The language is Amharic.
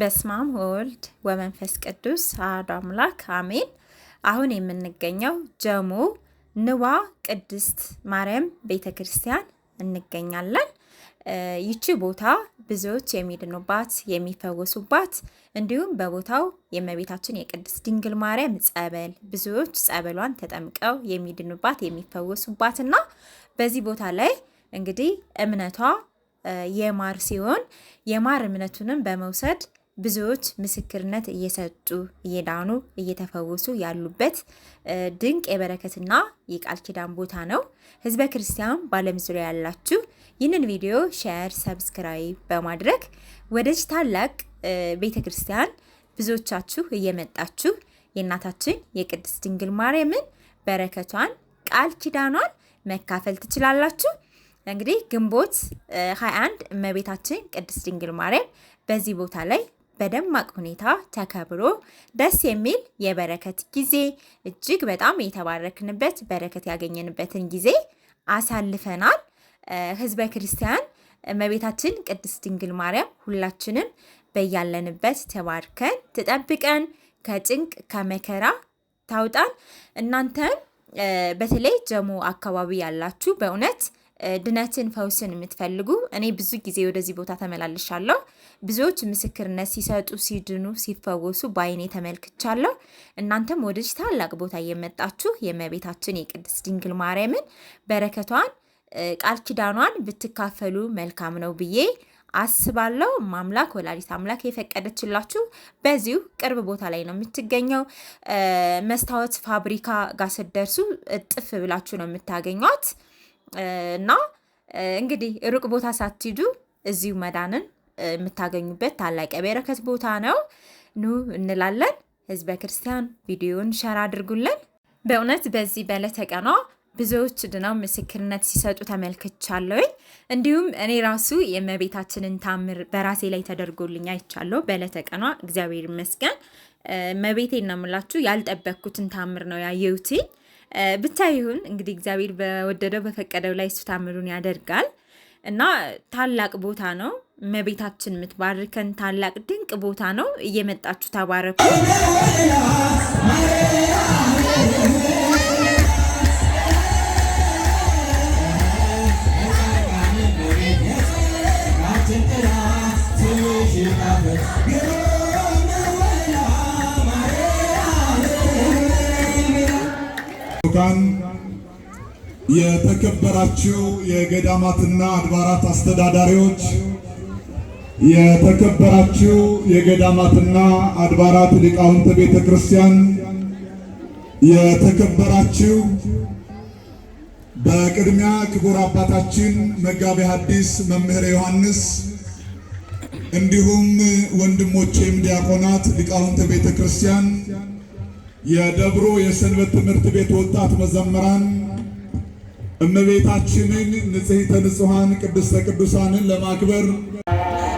በስማም ወልድ ወመንፈስ ቅዱስ አሐዱ አምላክ አሜን። አሁን የምንገኘው ጀሞ ንዋ ቅድስት ማርያም ቤተ ክርስቲያን እንገኛለን። ይቺ ቦታ ብዙዎች የሚድኑባት የሚፈወሱባት፣ እንዲሁም በቦታው የእመቤታችን የቅድስት ድንግል ማርያም ጸበል ብዙዎች ጸበሏን ተጠምቀው የሚድኑባት የሚፈወሱባትና በዚህ ቦታ ላይ እንግዲህ እምነቷ የማር ሲሆን የማር እምነቱንም በመውሰድ ብዙዎች ምስክርነት እየሰጡ እየዳኑ እየተፈወሱ ያሉበት ድንቅ የበረከትና የቃል ኪዳን ቦታ ነው። ህዝበ ክርስቲያን በዓለም ዙሪያ ያላችሁ ይህንን ቪዲዮ ሼር፣ ሰብስክራይብ በማድረግ ወደዚህ ታላቅ ቤተ ክርስቲያን ብዙዎቻችሁ እየመጣችሁ የእናታችን የቅድስት ድንግል ማርያምን በረከቷን ቃል ኪዳኗን መካፈል ትችላላችሁ። እንግዲህ ግንቦት 21 እመቤታችን ቅድስት ድንግል ማርያም በዚህ ቦታ ላይ በደማቅ ሁኔታ ተከብሮ ደስ የሚል የበረከት ጊዜ እጅግ በጣም የተባረክንበት በረከት ያገኘንበትን ጊዜ አሳልፈናል። ህዝበ ክርስቲያን እመቤታችን ቅድስት ድንግል ማርያም ሁላችንም በያለንበት ተባርከን ትጠብቀን፣ ከጭንቅ ከመከራ ታውጣን። እናንተም በተለይ ጀሞ አካባቢ ያላችሁ በእውነት ድነትን ፈውስን የምትፈልጉ እኔ ብዙ ጊዜ ወደዚህ ቦታ ተመላልሻለሁ። ብዙዎች ምስክርነት ሲሰጡ ሲድኑ፣ ሲፈወሱ በአይኔ ተመልክቻለሁ። እናንተም ወደዚህ ታላቅ ቦታ እየመጣችሁ የእመቤታችን የቅድስት ድንግል ማርያምን በረከቷን ቃል ኪዳኗን ብትካፈሉ መልካም ነው ብዬ አስባለሁ። ማምላክ ወላዲት አምላክ የፈቀደችላችሁ በዚሁ ቅርብ ቦታ ላይ ነው የምትገኘው። መስታወት ፋብሪካ ጋር ስትደርሱ እጥፍ ብላችሁ ነው የምታገኟት። እና እንግዲህ ሩቅ ቦታ ሳትሄዱ እዚሁ መዳንን የምታገኙበት ታላቅ የበረከት ቦታ ነው። ኑ እንላለን። ህዝበ ክርስቲያን ቪዲዮን ሸር አድርጉልን። በእውነት በዚህ በዕለተ ቀኗ ብዙዎች ድነው ምስክርነት ሲሰጡ ተመልክቻለሁኝ። እንዲሁም እኔ ራሱ የእመቤታችንን ታምር በራሴ ላይ ተደርጎልኝ አይቻለሁ። በዕለተ ቀኗ እግዚአብሔር ይመስገን። እመቤቴን ነው የምላችሁ። ያልጠበቅኩትን ታምር ነው ያየሁትኝ። ብቻ ይሁን እንግዲህ እግዚአብሔር በወደደው በፈቀደው ላይ እሱ ታምሩን ያደርጋል እና ታላቅ ቦታ ነው። እመቤታችን የምትባርከን ታላቅ ድንቅ ቦታ ነው። እየመጣችሁ ተባረኩ። ክቡራን የተከበራችሁ የገዳማትና አድባራት አስተዳዳሪዎች፣ የተከበራችሁ የገዳማትና አድባራት ሊቃውንተ ቤተ ክርስቲያን፣ የተከበራችሁ በቅድሚያ ክቡር አባታችን መጋቤ ሐዲስ መምህር ዮሐንስ እንዲሁም ወንድሞቼም ዲያቆናት ሊቃውንተ ቤተ ክርስቲያን የደብሮ የሰንበት ትምህርት ቤት ወጣት መዘምራን እመቤታችንን ንጽሕተ ንጹሐን ቅድስተ ቅዱሳንን ለማክበር